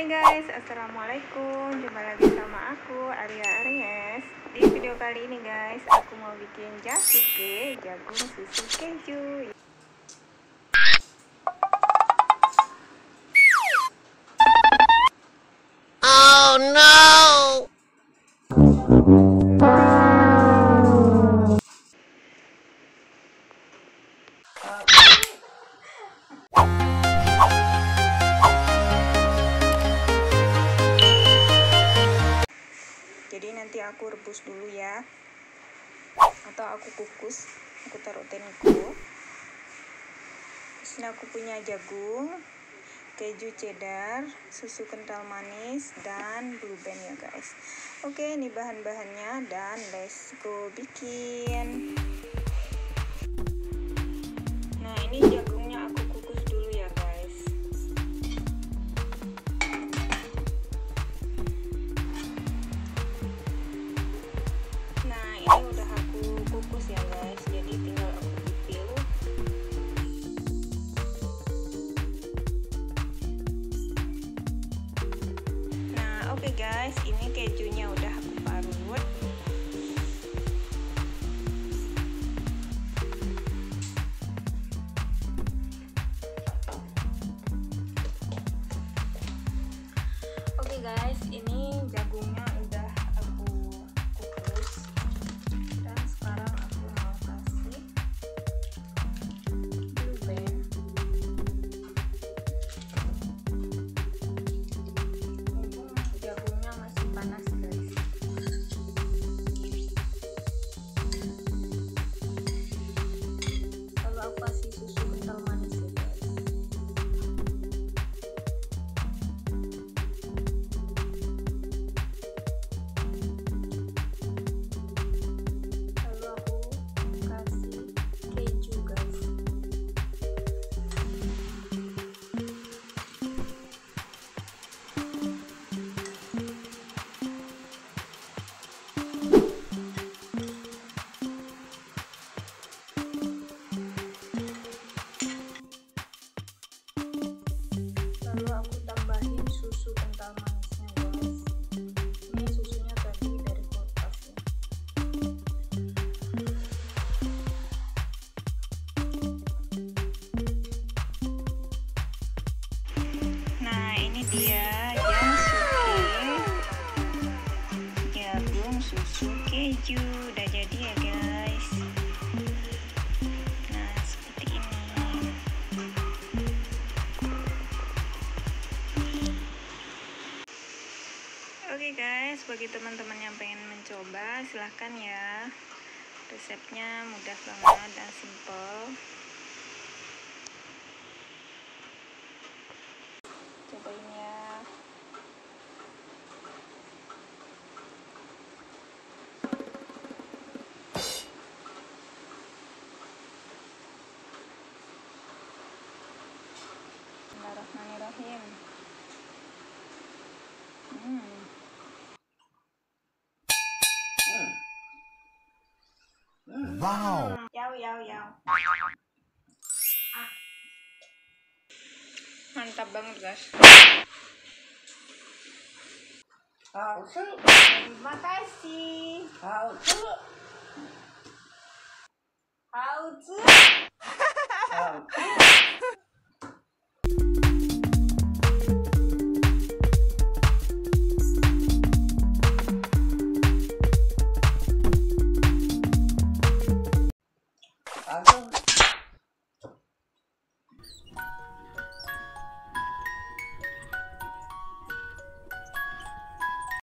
Hai guys, Assalamualaikum Jumpa lagi sama aku, Arya Aries Di video kali ini guys, aku mau bikin jasuke jagung susu keju Ya, aku rebus dulu ya atau aku kukus aku taruh tengku sini aku punya jagung keju cheddar susu kental manis dan blue band ya guys oke ini bahan-bahannya dan let's go bikin guys ini kejunya udah susu keju udah jadi ya guys nah seperti ini oke guys bagi teman-teman yang pengen mencoba silahkan ya resepnya mudah banget dan simple Bismillahirrahmanirrahim. Hmm. hmm. Wow. Yau yau yau. Ah. Mantap banget, guys. Terima kasih. How to? How to? How to?